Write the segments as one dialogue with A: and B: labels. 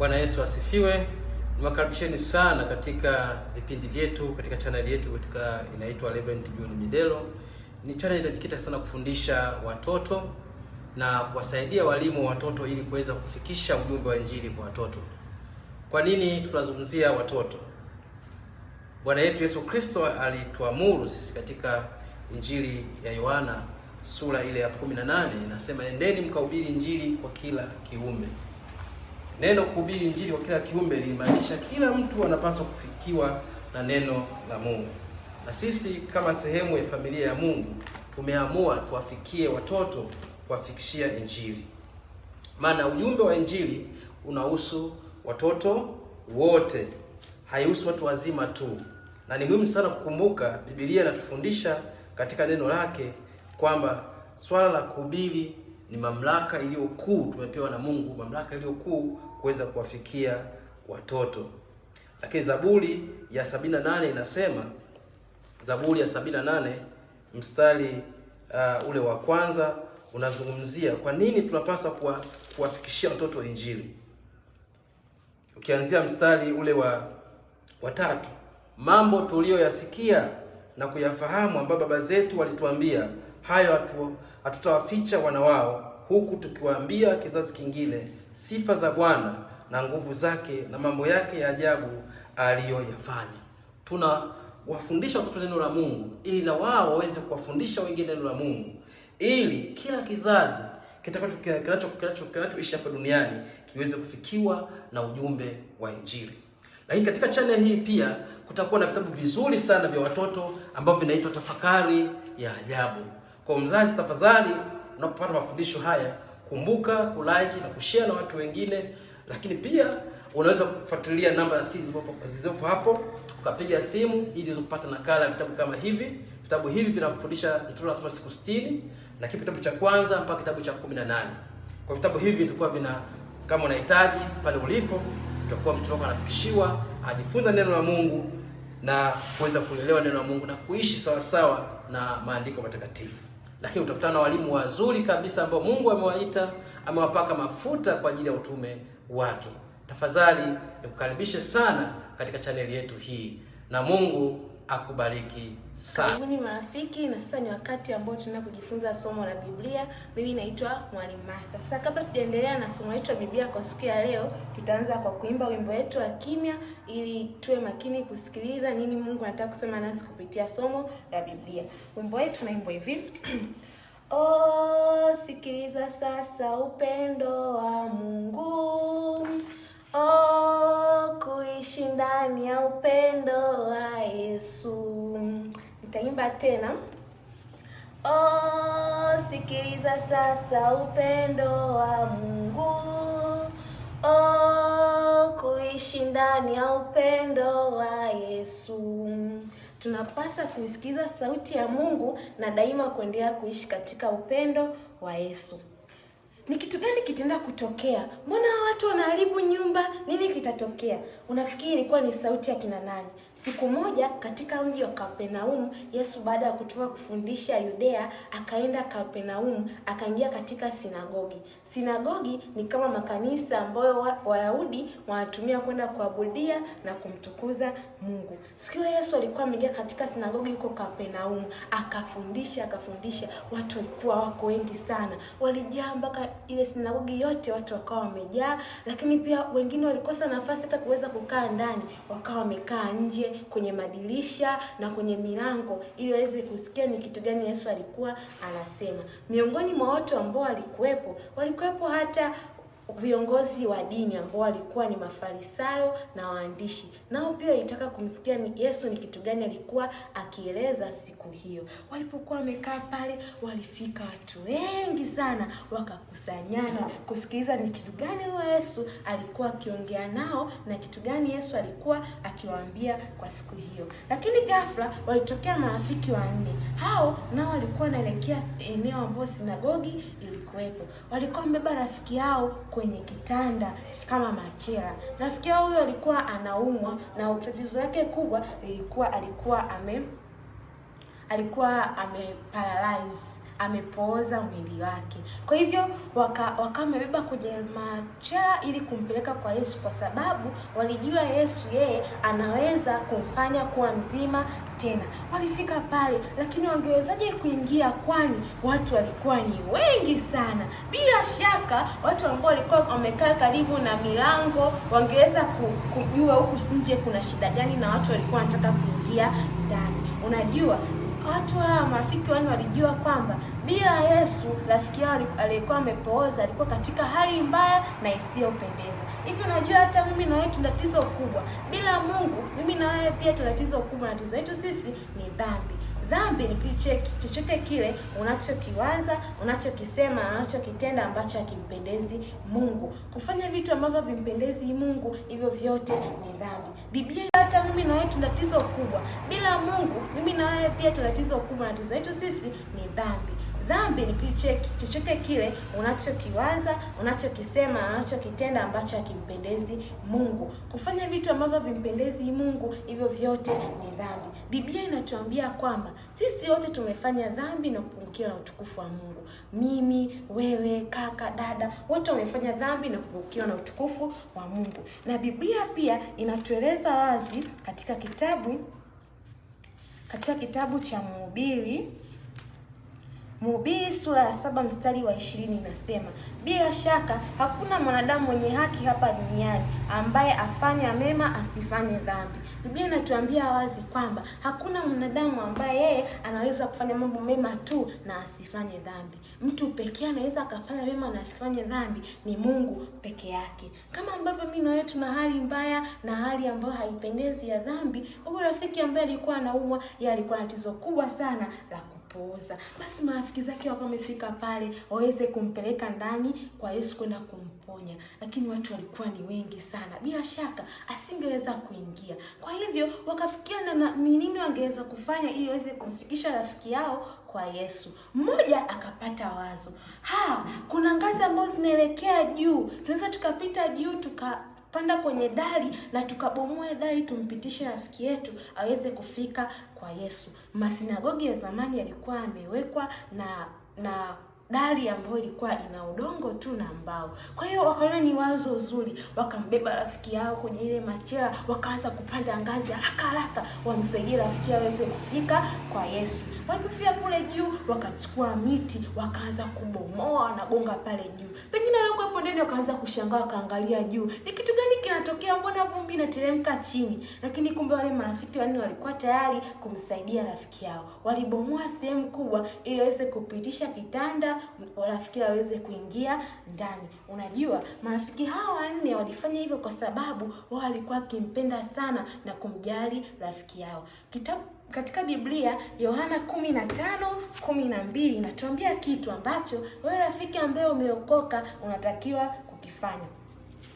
A: Bwana Yesu asifiwe. Niwakaribisheni sana katika vipindi vyetu katika chaneli yetu katika inaitwa Reverend John Midelo. Ni channel itajikita sana kufundisha watoto na kuwasaidia walimu watoto ili kuweza kufikisha ujumbe wa injili kwa watoto. Kwa nini tunazungumzia watoto? Bwana yetu Yesu Kristo alituamuru sisi katika Injili ya Yohana sura ile ya 18 inasema, nendeni mkahubiri injili kwa kila kiume. Neno kuhubiri Injili kwa kila kiumbe lilimaanisha kila mtu anapaswa kufikiwa na neno la Mungu, na sisi kama sehemu ya familia ya Mungu tumeamua tuwafikie watoto, kuwafikishia Injili, maana ujumbe wa Injili unahusu watoto wote, haihusu watu wazima tu. Na ni muhimu sana kukumbuka, Biblia inatufundisha katika neno lake kwamba swala la kuhubiri ni mamlaka iliyokuu tumepewa na Mungu, mamlaka iliyokuu kuweza kuwafikia watoto. Lakini Zaburi ya nane inasema, Zaburi ya nane mstari uh, ule wa kwanza unazungumzia kwa nini tunapaswa kuwa, kuwafikishia watoto Injili. Ukianzia mstari ule wa watatu, mambo tuliyoyasikia na kuyafahamu ambayo baba zetu walituambia, hayo hatutawaficha wana wao, huku tukiwaambia kizazi kingine sifa za Bwana na nguvu zake na mambo yake ya ajabu aliyoyafanya. Tunawafundisha watoto neno la Mungu ili na wao waweze kuwafundisha wengine neno la Mungu ili kila kizazi kinachoishi hapa duniani kiweze kufikiwa na ujumbe wa Injili. Lakini katika channel hii pia kutakuwa na vitabu vizuri sana vya watoto ambavyo vinaitwa Tafakari ya Ajabu. Kwa mzazi, tafadhali unapopata mafundisho haya kumbuka kulike na kushare na watu wengine, lakini pia unaweza kufuatilia namba za simu zilizopo hapo ukapiga simu ili uweze kupata nakala ya vitabu kama hivi. Vitabu hivi vinafundisha mtoto anasoma siku 60 na kipi kitabu cha kwanza mpaka kitabu cha 18. Kwa vitabu hivi vitakuwa vina kama unahitaji pale ulipo, utakuwa mtoto wako anafikishiwa ajifunza neno la Mungu na kuweza kuelewa neno la Mungu na kuishi sawasawa na maandiko matakatifu lakini utakutana na walimu wazuri kabisa ambao Mungu amewaita amewapaka mafuta kwa ajili ya utume wake. Tafadhali nikukaribishe sana katika chaneli yetu hii, na Mungu akubariki sana. Karibuni
B: marafiki, na sasa ni wakati ambao tunaenda kujifunza somo la Biblia. Mimi naitwa Mwalimu Martha. Sasa kabla tujaendelea na somo letu la Biblia kwa siku ya leo, tutaanza kwa kuimba wimbo wetu wa kimya ili tuwe makini kusikiliza nini Mungu anataka kusema nasi kupitia somo la Biblia. Wimbo wetu tunaimba hivi Oh, sikiliza sasa upendo wa Mungu Oh, kuishi ndani ya upendo wa Yesu. Nitaimba tena. Oh, sikiliza sasa upendo wa Mungu. Oh, kuishi ndani ya upendo wa Yesu. Tunapasa kuisikiza sauti ya Mungu na daima kuendelea kuishi katika upendo wa Yesu ni kitu gani kitaenda kutokea? Mbona watu wanaharibu nyumba, nini kitatokea? Unafikiri ilikuwa ni sauti ya kina nani? Siku moja katika mji wa kapenaum Yesu baada ya kutoka kufundisha Yudea, akaenda kapenaum akaingia katika sinagogi. Sinagogi ni kama makanisa ambayo Wayahudi wa wanatumia kwenda kuabudia na kumtukuza Mungu. Siku Yesu alikuwa ameingia katika sinagogi huko kapenaum akafundisha akafundisha, watu walikuwa wako wengi sana, walijaa mpaka ile sinagogi yote watu wakawa wamejaa, lakini pia wengine walikosa nafasi hata kuweza kukaa ndani, wakawa wamekaa nje kwenye madirisha na kwenye milango, ili waweze kusikia ni kitu gani Yesu alikuwa anasema. Miongoni mwa watu ambao walikuwepo, walikuwepo hata viongozi wa dini ambao walikuwa ni mafarisayo na waandishi, nao pia walitaka kumsikia ni Yesu ni kitu gani alikuwa akieleza siku hiyo. Walipokuwa wamekaa pale, walifika watu wengi sana, wakakusanyana kusikiliza ni kitu gani huyo Yesu alikuwa akiongea nao na kitu gani Yesu alikuwa akiwaambia kwa siku hiyo. Lakini ghafla walitokea marafiki wanne, hao nao walikuwa wanaelekea eneo ambapo sinagogi ili alikuwepo. Walikuwa wamebeba rafiki yao kwenye kitanda kama machela. Rafiki yao huyo alikuwa anaumwa na tatizo lake kubwa lilikuwa alikuwa ame alikuwa paralyze amepooza mwili wake. Kwa hivyo wakawa waka wamebeba kwenye machela ili kumpeleka kwa Yesu, kwa sababu walijua Yesu yeye anaweza kumfanya kuwa mzima tena. Walifika pale, lakini wangewezaje kuingia, kwani watu walikuwa ni wengi sana. Bila shaka watu ambao walikuwa wamekaa karibu na milango wangeweza kujua huku nje kuna shida gani, na watu walikuwa wanataka kuingia ndani. Unajua, watu hawa marafiki wani walijua kwamba bila Yesu rafiki yao aliyekuwa amepooza alikuwa katika hali mbaya na isiyopendeza hivi unajua hata mimi na wewe tuna tatizo kubwa bila Mungu. Mimi na wewe pia tuna tatizo kubwa, na tatizo letu sisi ni dhambi. Dhambi ni kile chochote kile unachokiwaza, unachokisema, unachokitenda ambacho hakimpendezi Mungu. Kufanya vitu ambavyo vimpendezi Mungu, hivyo vyote ni dhambi. Biblia hata mimi na wewe tuna tatizo kubwa bila Mungu. Mimi na wewe pia tuna tatizo kubwa, na tatizo letu sisi ni dhambi. Dhambi ni kile chochote kile unachokiwaza, unachokisema, unachokitenda ambacho hakimpendezi Mungu. Kufanya vitu ambavyo vimpendezi Mungu, hivyo vyote ni dhambi. Biblia inatuambia kwamba sisi wote tumefanya dhambi na kupungukiwa na utukufu wa Mungu. Mimi, wewe, kaka, dada, wote wamefanya dhambi na kupungukiwa na utukufu wa Mungu. Na Biblia pia inatueleza wazi katika kitabu katika kitabu cha Mhubiri Mhubiri sura ya saba mstari wa ishirini inasema, bila shaka hakuna mwanadamu mwenye haki hapa duniani ambaye afanya mema asifanye dhambi. Biblia inatuambia wazi kwamba hakuna mwanadamu ambaye yeye anaweza kufanya mambo mema tu na asifanye dhambi. Mtu pekee anaweza akafanya mema na asifanye dhambi ni Mungu peke yake. Kama ambavyo mimi na wewe tuna hali mbaya na hali ambayo haipendezi ya dhambi, huyu rafiki ambaye alikuwa anaumwa, yeye alikuwa na tatizo kubwa sana la kupooza. Basi marafiki zake wakawa wamefika pale waweze kumpeleka ndani kwa Yesu kwenda kumponya, lakini watu walikuwa ni wengi sana, bila shaka asingeweza kuingia. Kwa hivyo wakafikia na ni nini wangeweza kufanya ili waweze kumfikisha rafiki yao kwa Yesu. Mmoja akapata wazo, ha, kuna ngazi ambazo zinaelekea juu, tunaweza tukapita juu tuka panda kwenye dari na tukabomoe dari tumpitishe rafiki yetu aweze kufika kwa Yesu. Masinagogi ya zamani yalikuwa yamewekwa na na dari ambayo ilikuwa ina udongo tu na mbao. Kwa hiyo wakaona ni wazo zuri, wakambeba rafiki yao kwenye ile machela, wakaanza kupanda ngazi haraka haraka, wamsaidie rafiki yao aweze kufika kwa Yesu. Walipofika kule juu, wakachukua miti, wakaanza kubomoa, wanagonga pale juu. Pengine waliokuwepo ndani wakaanza kushangaa, wakaangalia juu, ni kitu gani inatokea, mbona vumbi inateremka chini? Lakini kumbe wale marafiki wanne walikuwa tayari kumsaidia rafiki yao, walibomoa sehemu kubwa ili waweze kupitisha kitanda, rafiki waweze kuingia ndani. Unajua, marafiki hawa wanne walifanya hivyo kwa sababu wao walikuwa wakimpenda sana na kumjali rafiki yao. Kitabu katika Biblia Yohana 15:12 inatuambia kitu ambacho wewe rafiki ambaye umeokoka unatakiwa kukifanya.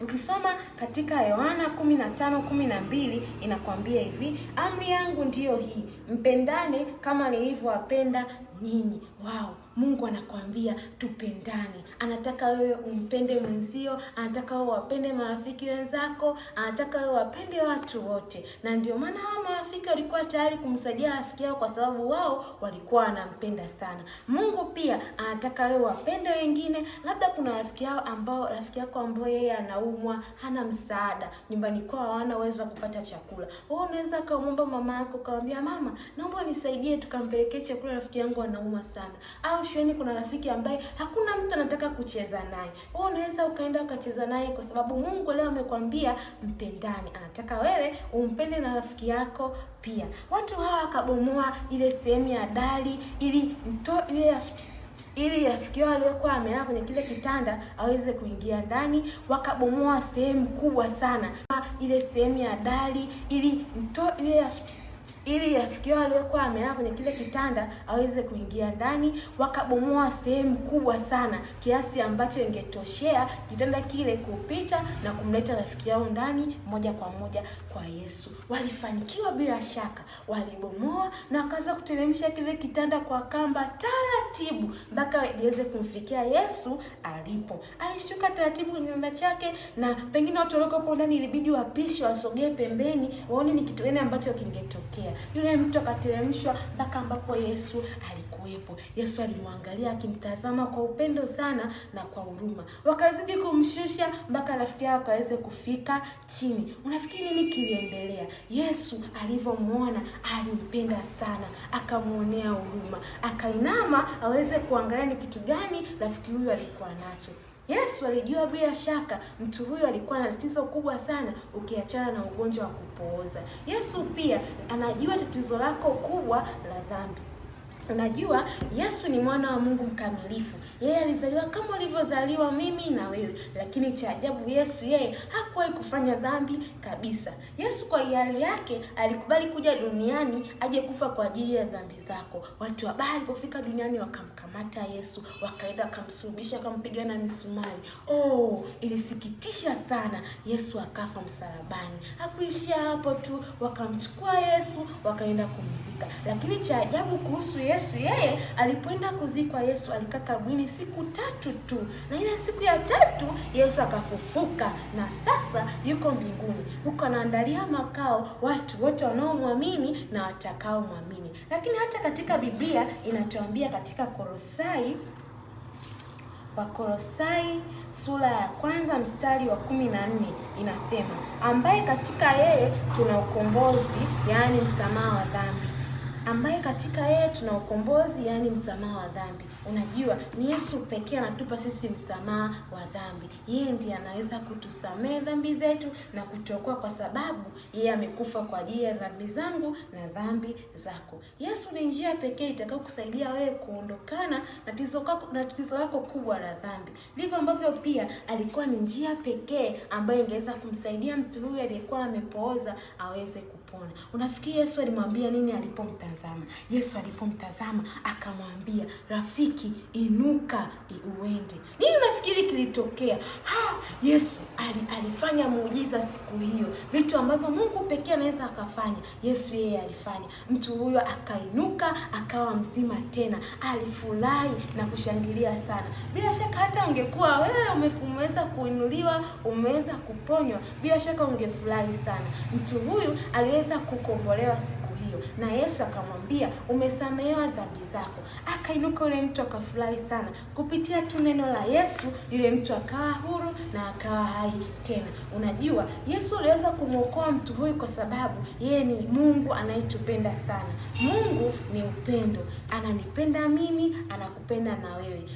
B: Ukisoma katika Yohana 15:12 inakwambia hivi, amri yangu ndiyo hii, mpendane kama nilivyowapenda nyinyi wao, Mungu anakwambia tupendani. Anataka wewe umpende mwenzio, anataka wewe wapende marafiki wenzako, anataka wewe wapende watu wote. Na ndio maana hawa marafiki walikuwa tayari kumsaidia rafiki yao, kwa sababu wao walikuwa wanampenda sana. Mungu pia anataka wewe wapende wengine. Labda kuna rafiki yao ambao rafiki yako ambao yeye anaumwa, hana msaada nyumbani kwao, hawana uwezo wa kupata chakula. Wewe unaweza kumwomba mama yako, ukamwambia mama, naomba nisaidie tukampelekee chakula rafiki yangu anauma sana, au shuleni kuna rafiki ambaye hakuna mtu anataka kucheza naye, wewe unaweza ukaenda ukacheza naye, kwa sababu Mungu leo amekwambia mpendani, anataka wewe umpende na rafiki yako pia. Watu hawa wakabomoa ile sehemu ya dari ili mto ile rafiki ili rafiki yao aliyokuwa amelala kwenye kile kitanda aweze kuingia ndani. Wakabomoa sehemu kubwa sana ile sehemu ya dari ili mto ile rafiki ili rafiki yao aliyokuwa amelala kwenye kile kitanda aweze kuingia ndani. Wakabomoa sehemu kubwa sana kiasi ambacho ingetoshea kitanda kile kupita na kumleta rafiki yao ndani moja kwa moja kwa Yesu. Walifanikiwa bila shaka, walibomoa na wakaanza kuteremsha kile kitanda kwa kamba taratibu mpaka iweze kumfikia Yesu alipo. Alishuka taratibu kwenye kitanda chake, na pengine watu walioko ndani ilibidi wapishe wasogee pembeni waone ni kitu gani ambacho kingetokea yule mtu akateremshwa mpaka ambapo Yesu alikuwepo. Yesu alimwangalia akimtazama kwa upendo sana na kwa huruma, wakazidi kumshusha mpaka rafiki yao akaweze kufika chini. Unafikiri nini kiliendelea? Yesu alivyomwona alimpenda sana, akamwonea huruma, akainama aweze kuangalia ni kitu gani rafiki huyu alikuwa nacho. Yesu alijua bila shaka mtu huyo alikuwa na tatizo kubwa sana, ukiachana na ugonjwa wa kupooza. Yesu pia anajua tatizo lako kubwa la dhambi. Unajua Yesu ni mwana wa Mungu mkamilifu. Yeye alizaliwa kama ulivyozaliwa mimi na wewe, lakini cha ajabu, Yesu yeye hakuwahi kufanya dhambi kabisa. Yesu kwa hiari yake alikubali kuja duniani aje kufa kwa ajili ya dhambi zako. Watu wabaya walipofika duniani wakamkamata Yesu, wakaenda wakamsulubisha, wakampiga na misumari. Oh, ilisikitisha sana. Yesu akafa msalabani. Hakuishia hapo tu, wakamchukua Yesu wakaenda kumzika, lakini cha ajabu kuhusu Yesu Yesu, yeye alipoenda kuzikwa, Yesu alikaa kaburini siku tatu tu, na ile siku ya tatu Yesu akafufuka na sasa yuko mbinguni, huko anaandalia makao watu wote wanaomwamini na watakaomwamini. Lakini hata katika Biblia inatuambia katika Kolosai Wakolosai sura ya kwanza mstari wa kumi na nne inasema, ambaye katika yeye tuna ukombozi, yaani msamaha wa dhambi ambaye katika yeye tuna ukombozi, yaani msamaha wa dhambi. Unajua ni Yesu pekee anatupa sisi msamaha wa dhambi. Yeye ndiye anaweza kutusamehe dhambi zetu na kutuokoa, kwa sababu yeye amekufa kwa ajili ya dhambi zangu na dhambi zako. Yesu ni njia pekee itakayokusaidia wewe kuondokana na tatizo lako kubwa la dhambi, ndivyo ambavyo pia alikuwa ni njia pekee ambayo ingeweza kumsaidia mtu huyu aliyekuwa amepooza aweze kuona. Unafikiri Yesu alimwambia nini alipomtazama? Yesu alipomtazama akamwambia, rafiki, inuka uende. Nini unafikiri kilitokea? Ha, Yesu ali, alifanya muujiza siku hiyo, vitu ambavyo Mungu pekee anaweza akafanya, Yesu yeye alifanya. Mtu huyo akainuka akawa mzima tena, alifurahi na kushangilia sana. Bila shaka hata ungekuwa wewe umeweza kuinuliwa, umeweza kuponywa, bila shaka ungefurahi sana. Mtu huyu aliweza aliweza kukombolewa siku hiyo, na Yesu akamwambia umesamehewa dhambi zako. Akainuka yule mtu akafurahi sana. Kupitia tu neno la Yesu, yule mtu akawa huru na akawa hai tena. Unajua, Yesu aliweza kumwokoa mtu huyu kwa sababu yeye ni Mungu anayetupenda sana. Mungu ni upendo, ananipenda mimi, anakupenda na wewe.